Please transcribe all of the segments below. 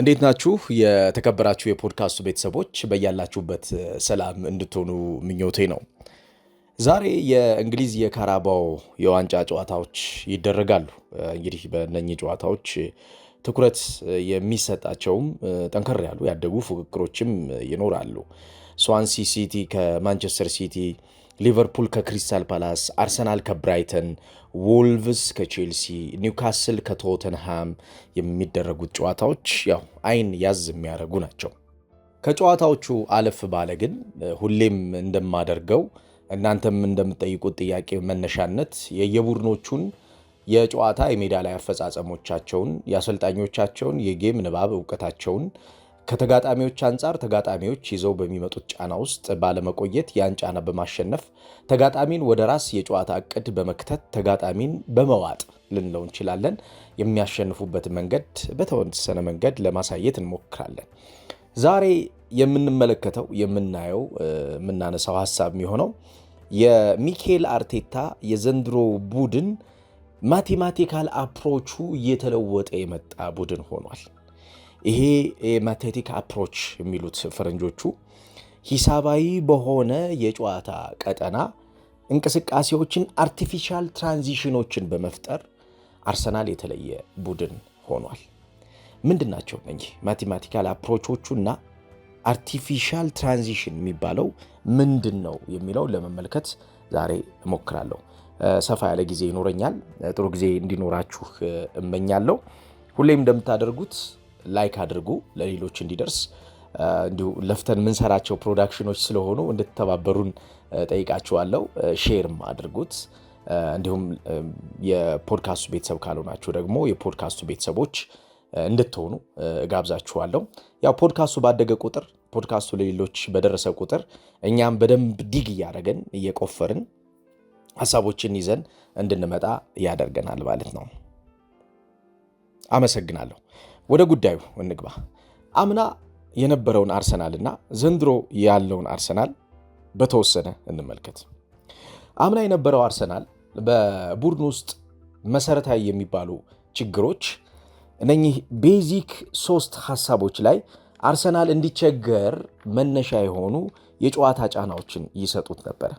እንዴት ናችሁ? የተከበራችሁ የፖድካስቱ ቤተሰቦች በያላችሁበት ሰላም እንድትሆኑ ምኞቴ ነው። ዛሬ የእንግሊዝ የካራባው የዋንጫ ጨዋታዎች ይደረጋሉ። እንግዲህ በእነኚህ ጨዋታዎች ትኩረት የሚሰጣቸውም ጠንከር ያሉ ያደጉ ፉክክሮችም ይኖራሉ። ስዋንሲ ሲቲ ከማንቸስተር ሲቲ፣ ሊቨርፑል ከክሪስታል ፓላስ፣ አርሰናል ከብራይተን፣ ወልቭስ ከቼልሲ ኒውካስል ከቶተንሃም የሚደረጉት ጨዋታዎች ያው አይን ያዝ የሚያደርጉ ናቸው። ከጨዋታዎቹ አለፍ ባለ ግን ሁሌም እንደማደርገው እናንተም እንደምትጠይቁት ጥያቄ መነሻነት የየቡድኖቹን የጨዋታ የሜዳ ላይ አፈጻጸሞቻቸውን፣ የአሰልጣኞቻቸውን የጌም ንባብ እውቀታቸውን ከተጋጣሚዎች አንጻር ተጋጣሚዎች ይዘው በሚመጡት ጫና ውስጥ ባለመቆየት ያን ጫና በማሸነፍ ተጋጣሚን ወደ ራስ የጨዋታ እቅድ በመክተት ተጋጣሚን በመዋጥ ልንለው እንችላለን። የሚያሸንፉበትን መንገድ በተወሰነ መንገድ ለማሳየት እንሞክራለን። ዛሬ የምንመለከተው የምናየው፣ የምናነሳው ሀሳብ የሚሆነው የሚኬል አርቴታ የዘንድሮ ቡድን ማቴማቲካል አፕሮቹ እየተለወጠ የመጣ ቡድን ሆኗል። ይሄ የማቴቲክ አፕሮች የሚሉት ፈረንጆቹ ሂሳባዊ በሆነ የጨዋታ ቀጠና እንቅስቃሴዎችን፣ አርቲፊሻል ትራንዚሽኖችን በመፍጠር አርሰናል የተለየ ቡድን ሆኗል። ምንድን ናቸው እነኚህ ማቴማቲካል እና አርቲፊሻል ትራንዚሽን የሚባለው ምንድን ነው የሚለው ለመመልከት ዛሬ እሞክራለሁ። ሰፋ ያለ ጊዜ ይኖረኛል። ጥሩ ጊዜ እንዲኖራችሁ እመኛለሁ። ሁሌም እንደምታደርጉት ላይክ አድርጉ ለሌሎች እንዲደርስ እንዲሁ ለፍተን የምንሰራቸው ፕሮዳክሽኖች ስለሆኑ እንድትተባበሩን ጠይቃችኋለሁ። ሼርም አድርጉት። እንዲሁም የፖድካስቱ ቤተሰብ ካልሆናችሁ ደግሞ የፖድካስቱ ቤተሰቦች እንድትሆኑ እጋብዛችኋለሁ። ያው ፖድካስቱ ባደገ ቁጥር ፖድካስቱ ለሌሎች በደረሰ ቁጥር እኛም በደንብ ዲግ እያደረገን እየቆፈርን ሀሳቦችን ይዘን እንድንመጣ ያደርገናል ማለት ነው። አመሰግናለሁ። ወደ ጉዳዩ እንግባ። አምና የነበረውን አርሰናልና ዘንድሮ ያለውን አርሰናል በተወሰነ እንመልከት። አምና የነበረው አርሰናል በቡድን ውስጥ መሰረታዊ የሚባሉ ችግሮች እነኚህ ቤዚክ ሶስት ሀሳቦች ላይ አርሰናል እንዲቸገር መነሻ የሆኑ የጨዋታ ጫናዎችን ይሰጡት ነበር።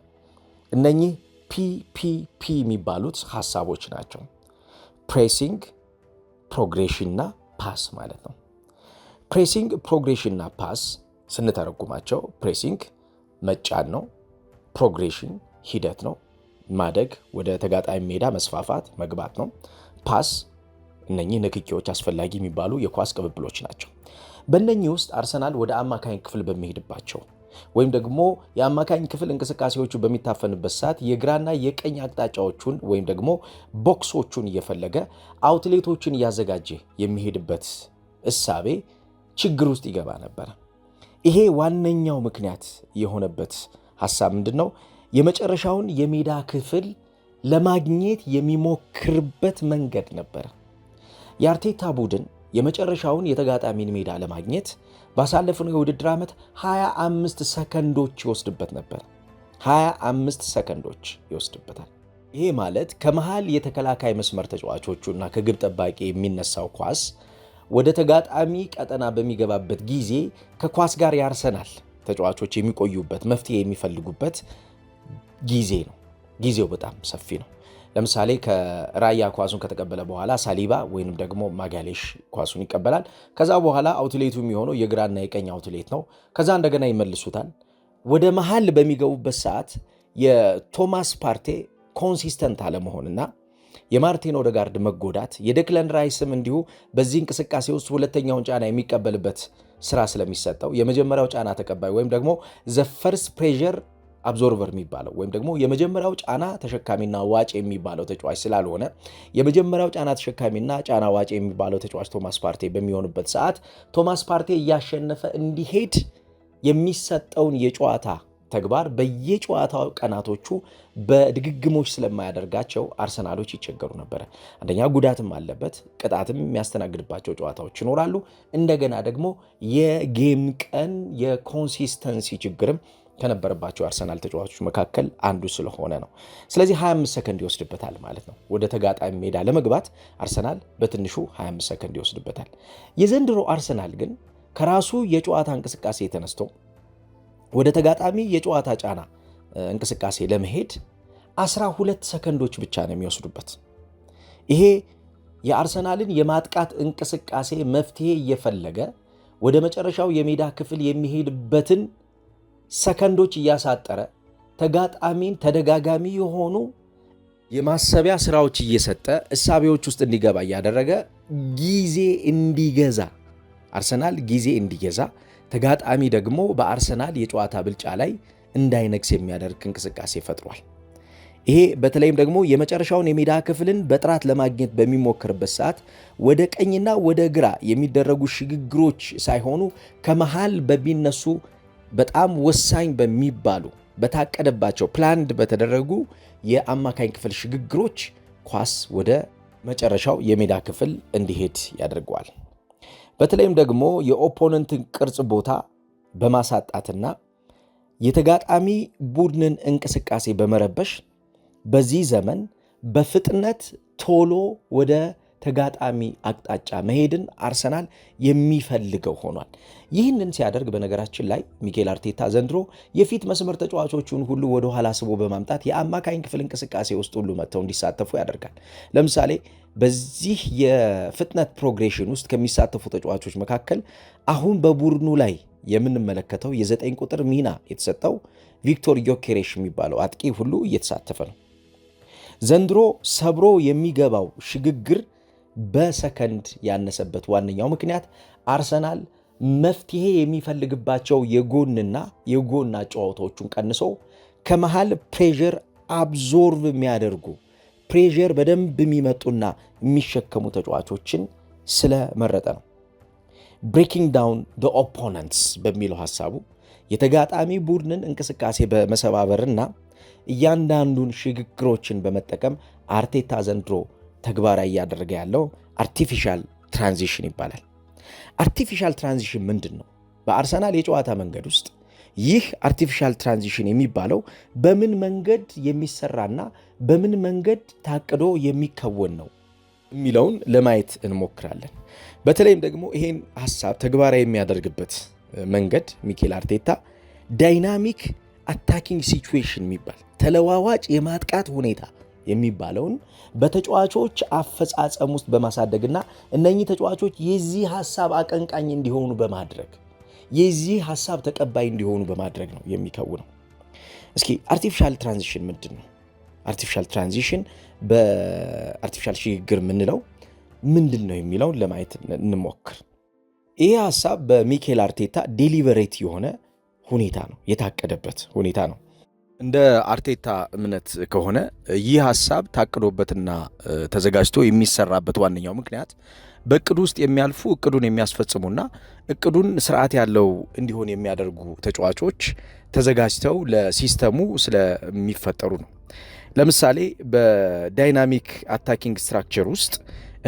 እነኚህ ፒፒፒ የሚባሉት ሀሳቦች ናቸው። ፕሬሲንግ፣ ፕሮግሬሽን ፓስ ማለት ነው። ፕሬሲንግ፣ ፕሮግሬሽን እና ፓስ ስንተረጉማቸው ፕሬሲንግ መጫን ነው። ፕሮግሬሽን ሂደት ነው፣ ማደግ ወደ ተጋጣሚ ሜዳ መስፋፋት መግባት ነው። ፓስ እነኚህ ንክኪዎች አስፈላጊ የሚባሉ የኳስ ቅብብሎች ናቸው። በእነኚህ ውስጥ አርሰናል ወደ አማካኝ ክፍል በሚሄድባቸው ወይም ደግሞ የአማካኝ ክፍል እንቅስቃሴዎቹ በሚታፈንበት ሰዓት የግራና የቀኝ አቅጣጫዎቹን ወይም ደግሞ ቦክሶቹን እየፈለገ አውትሌቶችን እያዘጋጀ የሚሄድበት እሳቤ ችግር ውስጥ ይገባ ነበር። ይሄ ዋነኛው ምክንያት የሆነበት ሀሳብ ምንድን ነው? የመጨረሻውን የሜዳ ክፍል ለማግኘት የሚሞክርበት መንገድ ነበር። የአርቴታ ቡድን የመጨረሻውን የተጋጣሚን ሜዳ ለማግኘት ባሳለፍነው የውድድር ዓመት 25 ሰከንዶች ይወስድበት ነበር። 25 ሰከንዶች ይወስድበታል። ይሄ ማለት ከመሃል የተከላካይ መስመር ተጫዋቾቹ እና ከግብ ጠባቂ የሚነሳው ኳስ ወደ ተጋጣሚ ቀጠና በሚገባበት ጊዜ ከኳስ ጋር ያርሰናል ተጫዋቾች የሚቆዩበት መፍትሄ የሚፈልጉበት ጊዜ ነው። ጊዜው በጣም ሰፊ ነው። ለምሳሌ ከራያ ኳሱን ከተቀበለ በኋላ ሳሊባ ወይም ደግሞ ማጋሌሽ ኳሱን ይቀበላል። ከዛ በኋላ አውትሌቱ የሚሆነው የግራና የቀኝ አውትሌት ነው። ከዛ እንደገና ይመልሱታል። ወደ መሀል በሚገቡበት ሰዓት የቶማስ ፓርቴ ኮንሲስተንት አለመሆንና የማርቲን ኦደጋርድ መጎዳት የደክለን ራይስም እንዲሁ በዚህ እንቅስቃሴ ውስጥ ሁለተኛውን ጫና የሚቀበልበት ስራ ስለሚሰጠው የመጀመሪያው ጫና ተቀባይ ወይም ደግሞ ዘ ፈርስት ፕሬዠር አብዞርቨር የሚባለው ወይም ደግሞ የመጀመሪያው ጫና ተሸካሚና ዋጭ የሚባለው ተጫዋች ስላልሆነ የመጀመሪያው ጫና ተሸካሚና ጫና ዋጭ የሚባለው ተጫዋች ቶማስ ፓርቴ በሚሆንበት ሰዓት ቶማስ ፓርቴ እያሸነፈ እንዲሄድ የሚሰጠውን የጨዋታ ተግባር በየጨዋታው ቀናቶቹ በድግግሞች ስለማያደርጋቸው አርሰናሎች ይቸገሩ ነበረ። አንደኛ ጉዳትም አለበት፣ ቅጣትም የሚያስተናግድባቸው ጨዋታዎች ይኖራሉ። እንደገና ደግሞ የጌም ቀን የኮንሲስተንሲ ችግርም ከነበረባቸው አርሰናል ተጫዋቾች መካከል አንዱ ስለሆነ ነው። ስለዚህ 25 ሰከንድ ይወስድበታል ማለት ነው። ወደ ተጋጣሚ ሜዳ ለመግባት አርሰናል በትንሹ 25 ሰከንድ ይወስድበታል። የዘንድሮ አርሰናል ግን ከራሱ የጨዋታ እንቅስቃሴ ተነስቶ ወደ ተጋጣሚ የጨዋታ ጫና እንቅስቃሴ ለመሄድ 12 ሰከንዶች ብቻ ነው የሚወስዱበት። ይሄ የአርሰናልን የማጥቃት እንቅስቃሴ መፍትሄ እየፈለገ ወደ መጨረሻው የሜዳ ክፍል የሚሄድበትን ሰከንዶች እያሳጠረ ተጋጣሚን ተደጋጋሚ የሆኑ የማሰቢያ ስራዎች እየሰጠ እሳቤዎች ውስጥ እንዲገባ እያደረገ ጊዜ እንዲገዛ አርሰናል ጊዜ እንዲገዛ ተጋጣሚ ደግሞ በአርሰናል የጨዋታ ብልጫ ላይ እንዳይነግስ የሚያደርግ እንቅስቃሴ ፈጥሯል። ይሄ በተለይም ደግሞ የመጨረሻውን የሜዳ ክፍልን በጥራት ለማግኘት በሚሞክርበት ሰዓት ወደ ቀኝና ወደ ግራ የሚደረጉ ሽግግሮች ሳይሆኑ ከመሃል በሚነሱ በጣም ወሳኝ በሚባሉ በታቀደባቸው ፕላንድ በተደረጉ የአማካኝ ክፍል ሽግግሮች ኳስ ወደ መጨረሻው የሜዳ ክፍል እንዲሄድ ያደርገዋል። በተለይም ደግሞ የኦፖነንትን ቅርጽ ቦታ በማሳጣትና የተጋጣሚ ቡድንን እንቅስቃሴ በመረበሽ በዚህ ዘመን በፍጥነት ቶሎ ወደ ተጋጣሚ አቅጣጫ መሄድን አርሰናል የሚፈልገው ሆኗል። ይህንን ሲያደርግ በነገራችን ላይ ሚኬል አርቴታ ዘንድሮ የፊት መስመር ተጫዋቾቹን ሁሉ ወደ ኋላ ስቦ በማምጣት የአማካኝ ክፍል እንቅስቃሴ ውስጥ ሁሉ መጥተው እንዲሳተፉ ያደርጋል። ለምሳሌ በዚህ የፍጥነት ፕሮግሬሽን ውስጥ ከሚሳተፉ ተጫዋቾች መካከል አሁን በቡድኑ ላይ የምንመለከተው የዘጠኝ ቁጥር ሚና የተሰጠው ቪክቶር ዮኬሬሽ የሚባለው አጥቂ ሁሉ እየተሳተፈ ነው። ዘንድሮ ሰብሮ የሚገባው ሽግግር በሰከንድ ያነሰበት ዋነኛው ምክንያት አርሰናል መፍትሄ የሚፈልግባቸው የጎንና የጎን ጨዋታዎቹን ቀንሶ ከመሃል ፕሬር አብዞርቭ የሚያደርጉ ፕሬር በደንብ የሚመጡና የሚሸከሙ ተጫዋቾችን ስለመረጠ ነው። ብሬኪንግ ዳውን ደ ኦፖነንትስ በሚለው ሀሳቡ የተጋጣሚ ቡድንን እንቅስቃሴ በመሰባበርና እያንዳንዱን ሽግግሮችን በመጠቀም አርቴታ ዘንድሮ ተግባራዊ እያደረገ ያለው አርቲፊሻል ትራንዚሽን ይባላል። አርቲፊሻል ትራንዚሽን ምንድን ነው? በአርሰናል የጨዋታ መንገድ ውስጥ ይህ አርቲፊሻል ትራንዚሽን የሚባለው በምን መንገድ የሚሰራና በምን መንገድ ታቅዶ የሚከወን ነው የሚለውን ለማየት እንሞክራለን። በተለይም ደግሞ ይሄን ሀሳብ ተግባራዊ የሚያደርግበት መንገድ ሚኬል አርቴታ ዳይናሚክ አታኪንግ ሲቹዌሽን የሚባል ተለዋዋጭ የማጥቃት ሁኔታ የሚባለውን በተጫዋቾች አፈጻጸም ውስጥ በማሳደግና እነኚህ ተጫዋቾች የዚህ ሀሳብ አቀንቃኝ እንዲሆኑ በማድረግ የዚህ ሀሳብ ተቀባይ እንዲሆኑ በማድረግ ነው የሚከውነው። እስኪ አርቲፊሻል ትራንዚሽን ምንድን ነው? አርቲፊሻል ትራንዚሽን በአርቲፊሻል ሽግግር የምንለው ምንድን ነው የሚለውን ለማየት እንሞክር። ይሄ ሀሳብ በሚኬል አርቴታ ዴሊቨሬት የሆነ ሁኔታ ነው የታቀደበት ሁኔታ ነው። እንደ አርቴታ እምነት ከሆነ ይህ ሀሳብ ታቅዶበትና ተዘጋጅቶ የሚሰራበት ዋነኛው ምክንያት በእቅዱ ውስጥ የሚያልፉ እቅዱን የሚያስፈጽሙና እቅዱን ስርዓት ያለው እንዲሆን የሚያደርጉ ተጫዋቾች ተዘጋጅተው ለሲስተሙ ስለሚፈጠሩ ነው። ለምሳሌ በዳይናሚክ አታኪንግ ስትራክቸር ውስጥ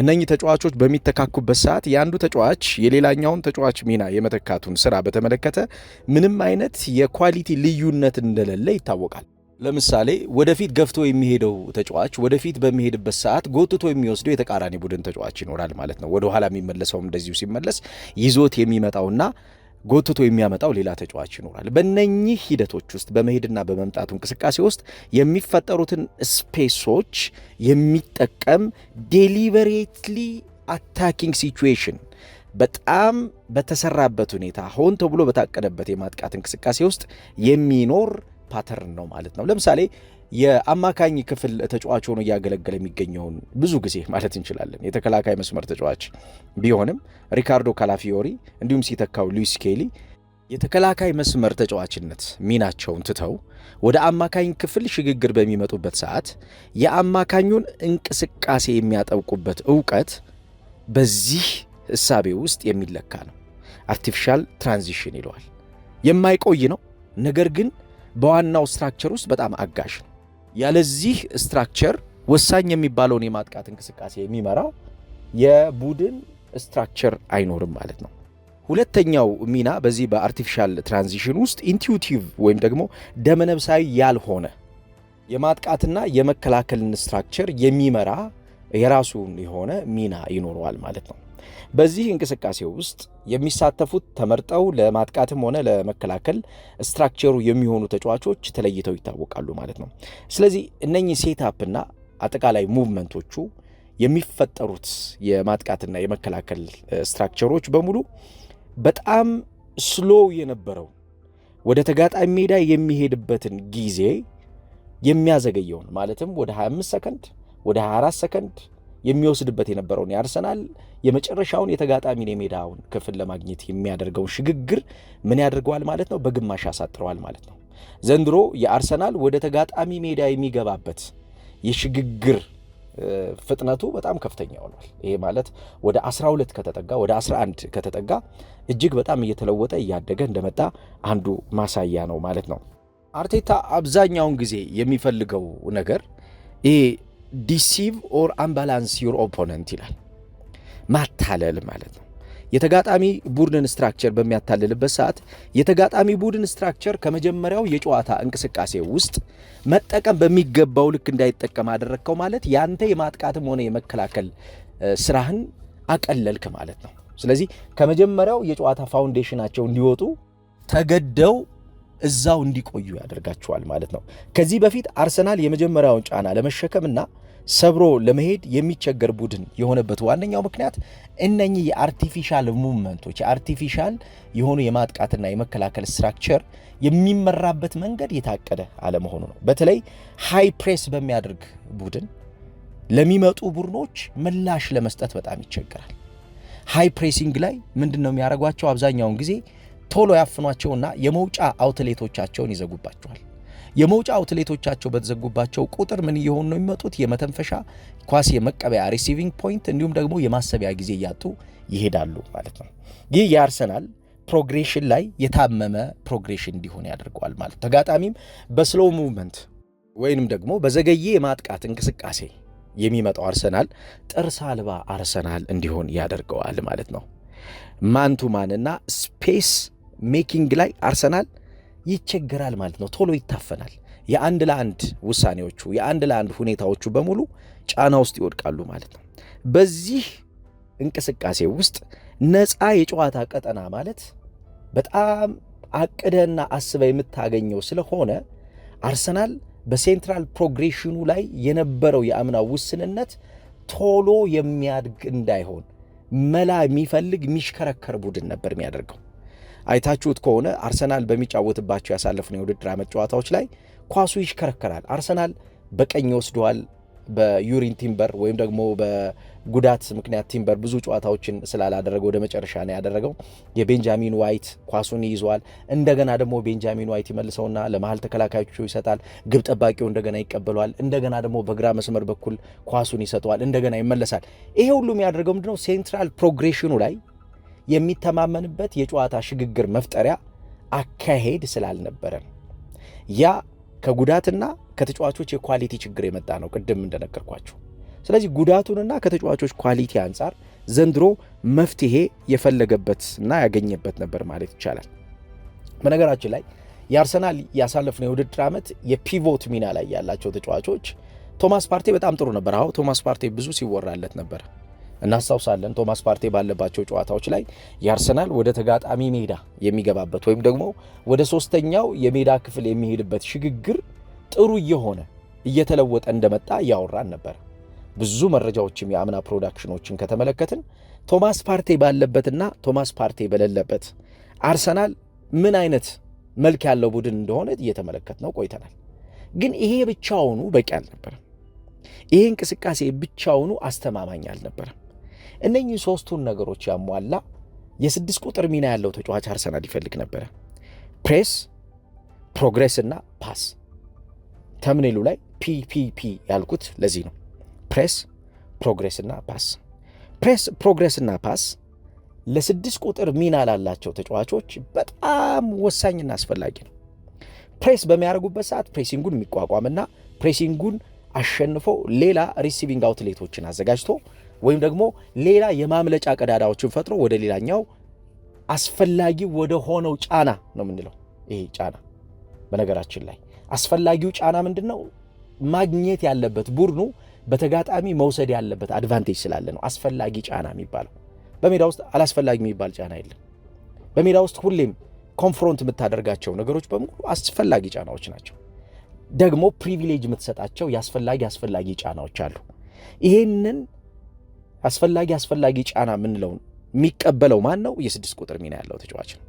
እነኚህ ተጫዋቾች በሚተካኩበት ሰዓት የአንዱ ተጫዋች የሌላኛውን ተጫዋች ሚና የመተካቱን ስራ በተመለከተ ምንም አይነት የኳሊቲ ልዩነት እንደሌለ ይታወቃል። ለምሳሌ ወደፊት ገፍቶ የሚሄደው ተጫዋች ወደፊት በሚሄድበት ሰዓት ጎትቶ የሚወስደው የተቃራኒ ቡድን ተጫዋች ይኖራል ማለት ነው። ወደኋላ የሚመለሰውም እንደዚሁ ሲመለስ ይዞት የሚመጣውና ጎትቶ የሚያመጣው ሌላ ተጫዋች ይኖራል። በእነኚህ ሂደቶች ውስጥ በመሄድና በመምጣቱ እንቅስቃሴ ውስጥ የሚፈጠሩትን ስፔሶች የሚጠቀም ዴሊበሬትሊ አታኪንግ ሲቹዌሽን በጣም በተሰራበት ሁኔታ ሆን ተብሎ በታቀደበት የማጥቃት እንቅስቃሴ ውስጥ የሚኖር ፓተርን ነው ማለት ነው። ለምሳሌ የአማካኝ ክፍል ተጫዋች ሆኖ እያገለገለ የሚገኘውን ብዙ ጊዜ ማለት እንችላለን የተከላካይ መስመር ተጫዋች ቢሆንም ሪካርዶ ካላፊዮሪ እንዲሁም ሲተካው ሉዊስ ኬሊ የተከላካይ መስመር ተጫዋችነት ሚናቸውን ትተው ወደ አማካኝ ክፍል ሽግግር በሚመጡበት ሰዓት የአማካኙን እንቅስቃሴ የሚያጠብቁበት እውቀት በዚህ እሳቤ ውስጥ የሚለካ ነው። አርቲፊሻል ትራንዚሽን ይለዋል። የማይቆይ ነው ነገር ግን በዋናው ስትራክቸር ውስጥ በጣም አጋዥ ነው። ያለዚህ ስትራክቸር ወሳኝ የሚባለውን የማጥቃት እንቅስቃሴ የሚመራው የቡድን ስትራክቸር አይኖርም ማለት ነው። ሁለተኛው ሚና በዚህ በአርቲፊሻል ትራንዚሽን ውስጥ ኢንቲዩቲቭ ወይም ደግሞ ደመነብሳዊ ያልሆነ የማጥቃትና የመከላከልን ስትራክቸር የሚመራ የራሱን የሆነ ሚና ይኖረዋል ማለት ነው። በዚህ እንቅስቃሴ ውስጥ የሚሳተፉት ተመርጠው ለማጥቃትም ሆነ ለመከላከል ስትራክቸሩ የሚሆኑ ተጫዋቾች ተለይተው ይታወቃሉ ማለት ነው። ስለዚህ እነኚህ ሴትአፕና አጠቃላይ ሙቭመንቶቹ የሚፈጠሩት የማጥቃትና የመከላከል ስትራክቸሮች በሙሉ በጣም ስሎው የነበረው ወደ ተጋጣሚ ሜዳ የሚሄድበትን ጊዜ የሚያዘገየውን ማለትም ወደ 25 ሰከንድ ወደ 24 ሰከንድ የሚወስድበት የነበረውን የአርሰናል የመጨረሻውን የተጋጣሚን የሜዳውን ክፍል ለማግኘት የሚያደርገውን ሽግግር ምን ያደርገዋል ማለት ነው? በግማሽ ያሳጥረዋል ማለት ነው። ዘንድሮ የአርሰናል ወደ ተጋጣሚ ሜዳ የሚገባበት የሽግግር ፍጥነቱ በጣም ከፍተኛ ሆኗል። ይሄ ማለት ወደ 12 ከተጠጋ ወደ 11 ከተጠጋ እጅግ በጣም እየተለወጠ እያደገ እንደመጣ አንዱ ማሳያ ነው ማለት ነው። አርቴታ አብዛኛውን ጊዜ የሚፈልገው ነገር ይሄ ዲሲቭ ኦር አምባላንስ ዩር ኦፖነንት ይላል። ማታለል ማለት ነው። የተጋጣሚ ቡድን ስትራክቸር በሚያታልልበት ሰዓት የተጋጣሚ ቡድን ስትራክቸር ከመጀመሪያው የጨዋታ እንቅስቃሴ ውስጥ መጠቀም በሚገባው ልክ እንዳይጠቀም አደረግከው ማለት ያንተ የማጥቃትም ሆነ የመከላከል ስራህን አቀለልክ ማለት ነው። ስለዚህ ከመጀመሪያው የጨዋታ ፋውንዴሽናቸው እንዲወጡ ተገደው እዛው እንዲቆዩ ያደርጋቸዋል ማለት ነው። ከዚህ በፊት አርሰናል የመጀመሪያውን ጫና ለመሸከምና ሰብሮ ለመሄድ የሚቸገር ቡድን የሆነበት ዋነኛው ምክንያት እነኚህ የአርቲፊሻል ሙቭመንቶች የአርቲፊሻል የሆኑ የማጥቃትና የመከላከል ስትራክቸር የሚመራበት መንገድ የታቀደ አለመሆኑ ነው። በተለይ ሃይ ፕሬስ በሚያደርግ ቡድን ለሚመጡ ቡድኖች ምላሽ ለመስጠት በጣም ይቸግራል። ሃይ ፕሬሲንግ ላይ ምንድን ነው የሚያደርጓቸው አብዛኛውን ጊዜ ቶሎ ያፍኗቸውና የመውጫ አውትሌቶቻቸውን ይዘጉባቸዋል። የመውጫ አውትሌቶቻቸው በተዘጉባቸው ቁጥር ምን እየሆኑ ነው የሚመጡት? የመተንፈሻ ኳስ የመቀበያ ሪሲቪንግ ፖይንት፣ እንዲሁም ደግሞ የማሰቢያ ጊዜ እያጡ ይሄዳሉ ማለት ነው። ይህ የአርሰናል ፕሮግሬሽን ላይ የታመመ ፕሮግሬሽን እንዲሆን ያደርገዋል ማለት። ተጋጣሚም በስሎ ሙቭመንት ወይንም ደግሞ በዘገየ የማጥቃት እንቅስቃሴ የሚመጣው አርሰናል ጥርስ አልባ አርሰናል እንዲሆን ያደርገዋል ማለት ነው። ማንቱ ማንና ስፔስ ሜኪንግ ላይ አርሰናል ይቸገራል ማለት ነው። ቶሎ ይታፈናል። የአንድ ለአንድ ውሳኔዎቹ፣ የአንድ ለአንድ ሁኔታዎቹ በሙሉ ጫና ውስጥ ይወድቃሉ ማለት ነው። በዚህ እንቅስቃሴ ውስጥ ነፃ የጨዋታ ቀጠና ማለት በጣም አቅደና አስበ የምታገኘው ስለሆነ አርሰናል በሴንትራል ፕሮግሬሽኑ ላይ የነበረው የአምና ውስንነት ቶሎ የሚያድግ እንዳይሆን መላ የሚፈልግ የሚሽከረከር ቡድን ነበር የሚያደርገው። አይታችሁት ከሆነ አርሰናል በሚጫወትባቸው ያሳለፉ የውድድር ዓመት ጨዋታዎች ላይ ኳሱ ይሽከረከራል። አርሰናል በቀኝ ወስደዋል። በዩሪን ቲምበር ወይም ደግሞ በጉዳት ምክንያት ቲምበር ብዙ ጨዋታዎችን ስላላደረገ ወደ መጨረሻ ነው ያደረገው። የቤንጃሚን ዋይት ኳሱን ይይዘዋል። እንደገና ደግሞ ቤንጃሚን ዋይት ይመልሰውና ለመሀል ተከላካዮቹ ይሰጣል። ግብ ጠባቂው እንደገና ይቀበለዋል። እንደገና ደግሞ በግራ መስመር በኩል ኳሱን ይሰጠዋል። እንደገና ይመለሳል። ይሄ ሁሉ የሚያደርገው ምንድነው? ሴንትራል ፕሮግሬሽኑ ላይ የሚተማመንበት የጨዋታ ሽግግር መፍጠሪያ አካሄድ ስላልነበረ ያ ከጉዳትና ከተጫዋቾች የኳሊቲ ችግር የመጣ ነው፣ ቅድም እንደነገርኳችሁ። ስለዚህ ጉዳቱንና ከተጫዋቾች ኳሊቲ አንጻር ዘንድሮ መፍትሄ የፈለገበትና ያገኘበት ነበር ማለት ይቻላል። በነገራችን ላይ የአርሰናል ያሳለፍነው የውድድር ዓመት የፒቮት ሚና ላይ ያላቸው ተጫዋቾች ቶማስ ፓርቴ በጣም ጥሩ ነበር። አዎ ቶማስ ፓርቴ ብዙ ሲወራለት ነበር። እናስታውሳለን። ቶማስ ፓርቴ ባለባቸው ጨዋታዎች ላይ የአርሰናል ወደ ተጋጣሚ ሜዳ የሚገባበት ወይም ደግሞ ወደ ሶስተኛው የሜዳ ክፍል የሚሄድበት ሽግግር ጥሩ እየሆነ እየተለወጠ እንደመጣ እያወራን ነበር። ብዙ መረጃዎችም የአምና ፕሮዳክሽኖችን ከተመለከትን ቶማስ ፓርቴ ባለበትና ቶማስ ፓርቴ በሌለበት አርሰናል ምን አይነት መልክ ያለው ቡድን እንደሆነ እየተመለከት ነው ቆይተናል። ግን ይሄ ብቻውኑ በቂ አልነበረም። ይሄ እንቅስቃሴ ብቻውኑ አስተማማኝ አልነበረም። እነኚህ ሶስቱን ነገሮች ያሟላ የስድስት ቁጥር ሚና ያለው ተጫዋች አርሰናል ይፈልግ ነበረ። ፕሬስ፣ ፕሮግሬስ እና ፓስ። ተምኔሉ ላይ ፒፒፒ ያልኩት ለዚህ ነው። ፕሬስ፣ ፕሮግሬስ እና ፓስ። ፕሬስ፣ ፕሮግሬስ እና ፓስ ለስድስት ቁጥር ሚና ላላቸው ተጫዋቾች በጣም ወሳኝና አስፈላጊ ነው። ፕሬስ በሚያደርጉበት ሰዓት ፕሬሲንጉን የሚቋቋምና ፕሬሲንጉን አሸንፎ ሌላ ሪሲቪንግ አውትሌቶችን አዘጋጅቶ ወይም ደግሞ ሌላ የማምለጫ ቀዳዳዎችን ፈጥሮ ወደ ሌላኛው አስፈላጊ ወደ ሆነው ጫና ነው የምንለው። ይሄ ጫና በነገራችን ላይ አስፈላጊው ጫና ምንድን ነው? ማግኘት ያለበት ቡድኑ በተጋጣሚ መውሰድ ያለበት አድቫንቴጅ ስላለ ነው አስፈላጊ ጫና የሚባለው። በሜዳ ውስጥ አላስፈላጊ የሚባል ጫና የለም። በሜዳ ውስጥ ሁሌም ኮንፍሮንት የምታደርጋቸው ነገሮች በሙሉ አስፈላጊ ጫናዎች ናቸው። ደግሞ ፕሪቪሌጅ የምትሰጣቸው የአስፈላጊ አስፈላጊ ጫናዎች አሉ። ይሄንን አስፈላጊ አስፈላጊ ጫና የምንለውን የሚቀበለው ማን ነው? የስድስት ቁጥር ሚና ያለው ተጫዋች ነው።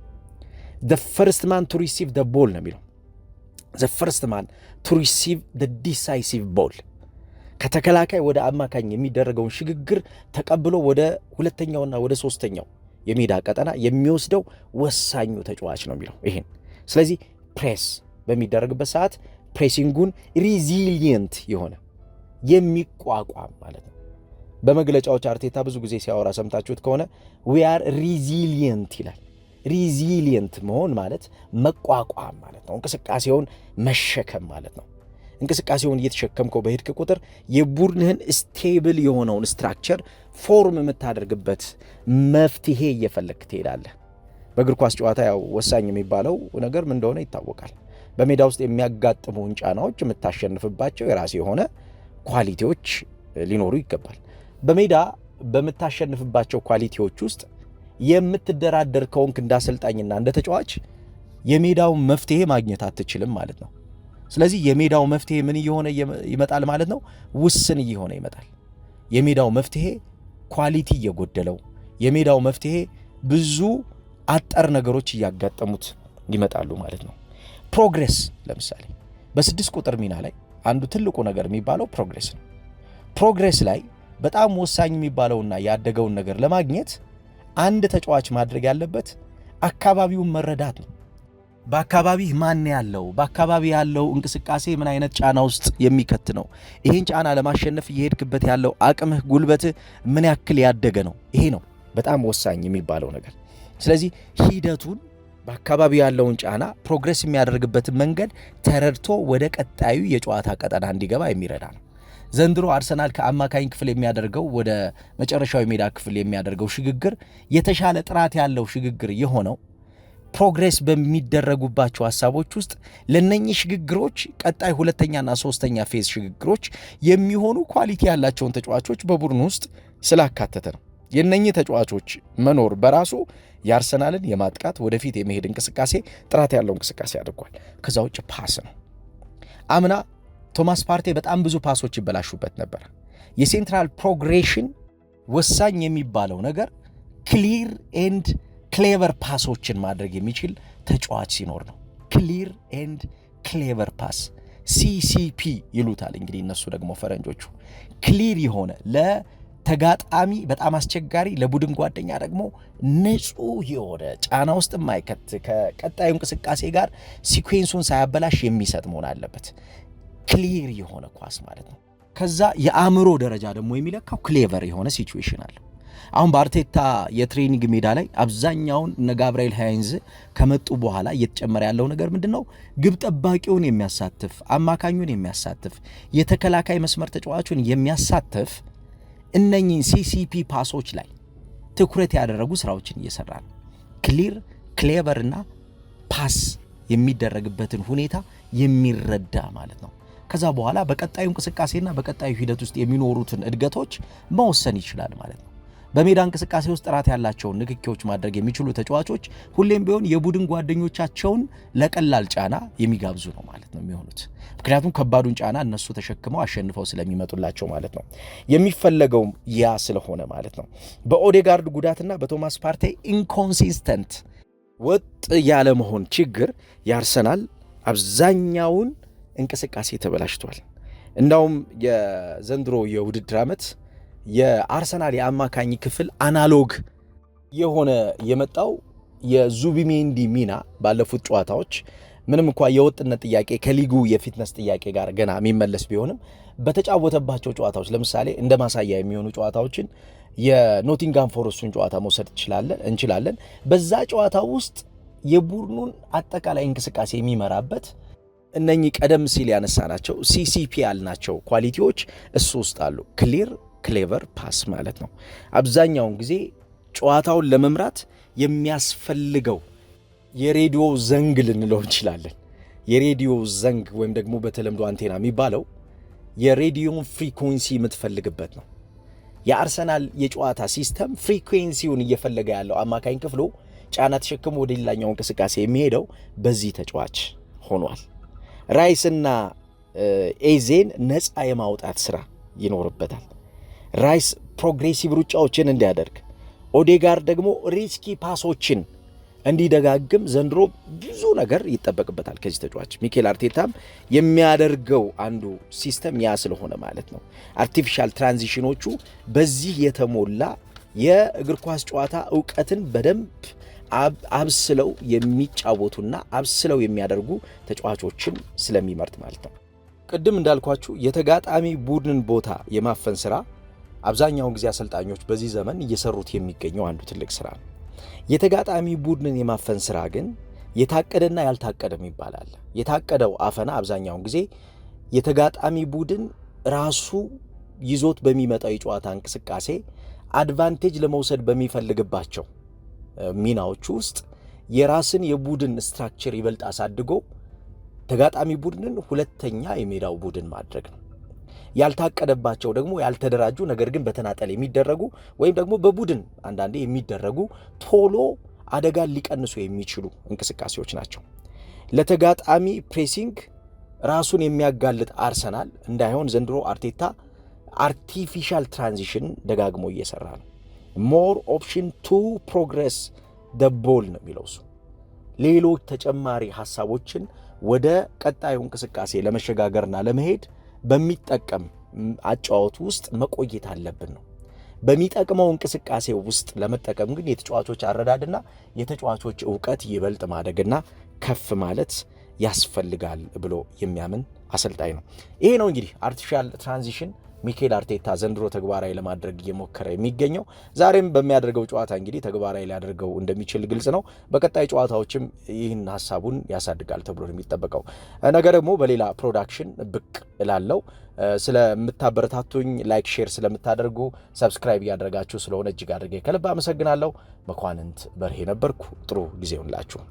ፈርስት ማን ቱ ሪሲቭ ደ ቦል ነው የሚለው። ዘ ፈርስት ማን ቱ ሪሲቭ ደ ዲሳይሲቭ ቦል ከተከላካይ ወደ አማካኝ የሚደረገውን ሽግግር ተቀብሎ ወደ ሁለተኛውና ወደ ሶስተኛው የሜዳ ቀጠና የሚወስደው ወሳኙ ተጫዋች ነው የሚለው ይሄን። ስለዚህ ፕሬስ በሚደረግበት ሰዓት ፕሬሲንጉን ሪዚሊየንት የሆነ የሚቋቋም ማለት ነው በመግለጫዎች አርቴታ ብዙ ጊዜ ሲያወራ ሰምታችሁት ከሆነ ዊ አር ሪዚሊየንት ይላል። ሪዚሊየንት መሆን ማለት መቋቋም ማለት ነው። እንቅስቃሴውን መሸከም ማለት ነው። እንቅስቃሴውን እየተሸከምከው በሄድክ ቁጥር የቡድንህን ስቴብል የሆነውን ስትራክቸር ፎርም የምታደርግበት መፍትሄ እየፈለግክ ትሄዳለህ። በእግር ኳስ ጨዋታ ያው ወሳኝ የሚባለው ነገር ምን እንደሆነ ይታወቃል። በሜዳ ውስጥ የሚያጋጥሙን ጫናዎች የምታሸንፍባቸው የራሴ የሆነ ኳሊቲዎች ሊኖሩ ይገባል። በሜዳ በምታሸንፍባቸው ኳሊቲዎች ውስጥ የምትደራደር ከሆንክ እንደ አሰልጣኝና እንደ ተጫዋች የሜዳውን መፍትሄ ማግኘት አትችልም ማለት ነው። ስለዚህ የሜዳው መፍትሄ ምን እየሆነ ይመጣል ማለት ነው? ውስን እየሆነ ይመጣል። የሜዳው መፍትሄ ኳሊቲ እየጎደለው፣ የሜዳው መፍትሄ ብዙ አጠር ነገሮች እያጋጠሙት ይመጣሉ ማለት ነው። ፕሮግሬስ ለምሳሌ በስድስት ቁጥር ሚና ላይ አንዱ ትልቁ ነገር የሚባለው ፕሮግሬስ ነው። ፕሮግሬስ ላይ በጣም ወሳኝ የሚባለውና ያደገውን ነገር ለማግኘት አንድ ተጫዋች ማድረግ ያለበት አካባቢውን መረዳት ነው። በአካባቢህ ማን ያለው፣ በአካባቢ ያለው እንቅስቃሴ ምን አይነት ጫና ውስጥ የሚከት ነው፣ ይህን ጫና ለማሸነፍ እየሄድክበት ያለው አቅምህ፣ ጉልበትህ ምን ያክል ያደገ ነው። ይሄ ነው በጣም ወሳኝ የሚባለው ነገር። ስለዚህ ሂደቱን በአካባቢ ያለውን ጫና ፕሮግረስ የሚያደርግበትን መንገድ ተረድቶ ወደ ቀጣዩ የጨዋታ ቀጠና እንዲገባ የሚረዳ ነው። ዘንድሮ አርሰናል ከአማካኝ ክፍል የሚያደርገው ወደ መጨረሻው የሜዳ ክፍል የሚያደርገው ሽግግር የተሻለ ጥራት ያለው ሽግግር የሆነው ፕሮግሬስ በሚደረጉባቸው ሀሳቦች ውስጥ ለነኚህ ሽግግሮች ቀጣይ ሁለተኛና ሶስተኛ ፌዝ ሽግግሮች የሚሆኑ ኳሊቲ ያላቸውን ተጫዋቾች በቡድን ውስጥ ስላካተተ ነው። የነኚህ ተጫዋቾች መኖር በራሱ የአርሰናልን የማጥቃት ወደፊት የመሄድ እንቅስቃሴ ጥራት ያለው እንቅስቃሴ አድርጓል። ከዛ ውጭ ፓስ ነው አምና ቶማስ ፓርቴ በጣም ብዙ ፓሶች ይበላሹበት ነበር። የሴንትራል ፕሮግሬሽን ወሳኝ የሚባለው ነገር ክሊር ኤንድ ክሌቨር ፓሶችን ማድረግ የሚችል ተጫዋች ሲኖር ነው። ክሊር ኤንድ ክሌቨር ፓስ ሲሲፒ ይሉታል እንግዲህ እነሱ ደግሞ ፈረንጆቹ። ክሊር የሆነ ለተጋጣሚ በጣም አስቸጋሪ፣ ለቡድን ጓደኛ ደግሞ ንጹህ የሆነ ጫና ውስጥ የማይከት ከቀጣዩ እንቅስቃሴ ጋር ሲኩዌንሱን ሳያበላሽ የሚሰጥ መሆን አለበት። ክሊር የሆነ ኳስ ማለት ነው። ከዛ የአእምሮ ደረጃ ደግሞ የሚለካው ክሌቨር የሆነ ሲቹዌሽን አለ። አሁን በአርቴታ የትሬኒንግ ሜዳ ላይ አብዛኛውን እነ ጋብርኤል ሃይንዝ ከመጡ በኋላ እየተጨመረ ያለው ነገር ምንድን ነው? ግብ ጠባቂውን የሚያሳትፍ አማካኙን የሚያሳትፍ የተከላካይ መስመር ተጫዋቹን የሚያሳትፍ እነኚህን ሲሲፒ ፓሶች ላይ ትኩረት ያደረጉ ስራዎችን እየሰራ ነው። ክሊር ክሌቨርና ፓስ የሚደረግበትን ሁኔታ የሚረዳ ማለት ነው። ከዛ በኋላ በቀጣዩ እንቅስቃሴና በቀጣዩ ሂደት ውስጥ የሚኖሩትን እድገቶች መወሰን ይችላል ማለት ነው። በሜዳ እንቅስቃሴ ውስጥ ጥራት ያላቸውን ንክኪዎች ማድረግ የሚችሉ ተጫዋቾች ሁሌም ቢሆን የቡድን ጓደኞቻቸውን ለቀላል ጫና የሚጋብዙ ነው ማለት ነው የሚሆኑት። ምክንያቱም ከባዱን ጫና እነሱ ተሸክመው አሸንፈው ስለሚመጡላቸው ማለት ነው። የሚፈለገውም ያ ስለሆነ ማለት ነው። በኦዴጋርድ ጉዳትና በቶማስ ፓርቴ ኢንኮንሲስተንት ወጥ ያለመሆን ችግር የአርሰናል አብዛኛውን እንቅስቃሴ ተበላሽቷል። እንዳውም የዘንድሮ የውድድር ዓመት የአርሰናል የአማካኝ ክፍል አናሎግ የሆነ የመጣው የዙቢሜንዲ ሚና ባለፉት ጨዋታዎች ምንም እንኳ የወጥነት ጥያቄ ከሊጉ የፊትነስ ጥያቄ ጋር ገና የሚመለስ ቢሆንም በተጫወተባቸው ጨዋታዎች ለምሳሌ እንደ ማሳያ የሚሆኑ ጨዋታዎችን የኖቲንጋም ፎረስቱን ጨዋታ መውሰድ እንችላለን። በዛ ጨዋታ ውስጥ የቡድኑን አጠቃላይ እንቅስቃሴ የሚመራበት እነኚህ ቀደም ሲል ያነሳ ናቸው ሲሲፒ ያልናቸው ኳሊቲዎች እሱ ውስጥ አሉ። ክሊር ክሌቨር ፓስ ማለት ነው። አብዛኛውን ጊዜ ጨዋታውን ለመምራት የሚያስፈልገው የሬዲዮ ዘንግ ልንለው እንችላለን። የሬዲዮ ዘንግ ወይም ደግሞ በተለምዶ አንቴና የሚባለው የሬዲዮን ፍሪኩንሲ የምትፈልግበት ነው። የአርሰናል የጨዋታ ሲስተም ፍሪኩንሲውን እየፈለገ ያለው አማካኝ ክፍሉ ጫና ተሸክሞ ወደ ሌላኛው እንቅስቃሴ የሚሄደው በዚህ ተጫዋች ሆኗል። ራይስና ኤዜን ነፃ የማውጣት ስራ ይኖርበታል። ራይስ ፕሮግሬሲቭ ሩጫዎችን እንዲያደርግ፣ ኦዴጋር ደግሞ ሪስኪ ፓሶችን እንዲደጋግም ዘንድሮ ብዙ ነገር ይጠበቅበታል ከዚህ ተጫዋች። ሚኬል አርቴታም የሚያደርገው አንዱ ሲስተም ያ ስለሆነ ማለት ነው አርቲፊሻል ትራንዚሽኖቹ በዚህ የተሞላ የእግር ኳስ ጨዋታ እውቀትን በደንብ አብስለው የሚጫወቱና አብስለው የሚያደርጉ ተጫዋቾችን ስለሚመርጥ ማለት ነው። ቅድም እንዳልኳችሁ የተጋጣሚ ቡድንን ቦታ የማፈን ስራ አብዛኛውን ጊዜ አሰልጣኞች በዚህ ዘመን እየሰሩት የሚገኘው አንዱ ትልቅ ስራ ነው። የተጋጣሚ ቡድንን የማፈን ስራ ግን የታቀደና ያልታቀደም ይባላል። የታቀደው አፈና አብዛኛውን ጊዜ የተጋጣሚ ቡድን ራሱ ይዞት በሚመጣው የጨዋታ እንቅስቃሴ አድቫንቴጅ ለመውሰድ በሚፈልግባቸው ሚናዎች ውስጥ የራስን የቡድን ስትራክቸር ይበልጥ አሳድጎ ተጋጣሚ ቡድንን ሁለተኛ የሜዳው ቡድን ማድረግ ነው። ያልታቀደባቸው ደግሞ ያልተደራጁ ነገር ግን በተናጠል የሚደረጉ ወይም ደግሞ በቡድን አንዳንዴ የሚደረጉ ቶሎ አደጋን ሊቀንሱ የሚችሉ እንቅስቃሴዎች ናቸው። ለተጋጣሚ ፕሬሲንግ ራሱን የሚያጋልጥ አርሰናል እንዳይሆን ዘንድሮ አርቴታ አርቲፊሻል ትራንዚሽን ደጋግሞ እየሰራ ነው። ሞር ኦፕሽን ቱ ፕሮግረስ ደ ቦል ነው የሚለው እሱ። ሌሎች ተጨማሪ ሀሳቦችን ወደ ቀጣዩ እንቅስቃሴ ለመሸጋገርና ለመሄድ በሚጠቀም አጫዋቱ ውስጥ መቆየት አለብን ነው። በሚጠቅመው እንቅስቃሴ ውስጥ ለመጠቀም ግን የተጫዋቾች አረዳድና የተጫዋቾች እውቀት ይበልጥ ማደግና ከፍ ማለት ያስፈልጋል ብሎ የሚያምን አሰልጣኝ ነው። ይሄ ነው እንግዲህ አርቲፊሻል ትራንዚሽን ሚኬል አርቴታ ዘንድሮ ተግባራዊ ለማድረግ እየሞከረ የሚገኘው ዛሬም በሚያደርገው ጨዋታ እንግዲህ ተግባራዊ ሊያደርገው እንደሚችል ግልጽ ነው። በቀጣይ ጨዋታዎችም ይህን ሀሳቡን ያሳድጋል ተብሎ ነው የሚጠበቀው። ነገ ደግሞ በሌላ ፕሮዳክሽን ብቅ እላለው። ስለምታበረታቱኝ፣ ላይክ፣ ሼር ስለምታደርጉ ሰብስክራይብ እያደረጋችሁ ስለሆነ እጅግ አድርጌ ከልብ አመሰግናለሁ። መኳንንት በርሄ ነበርኩ። ጥሩ ጊዜ ይሁንላችሁ።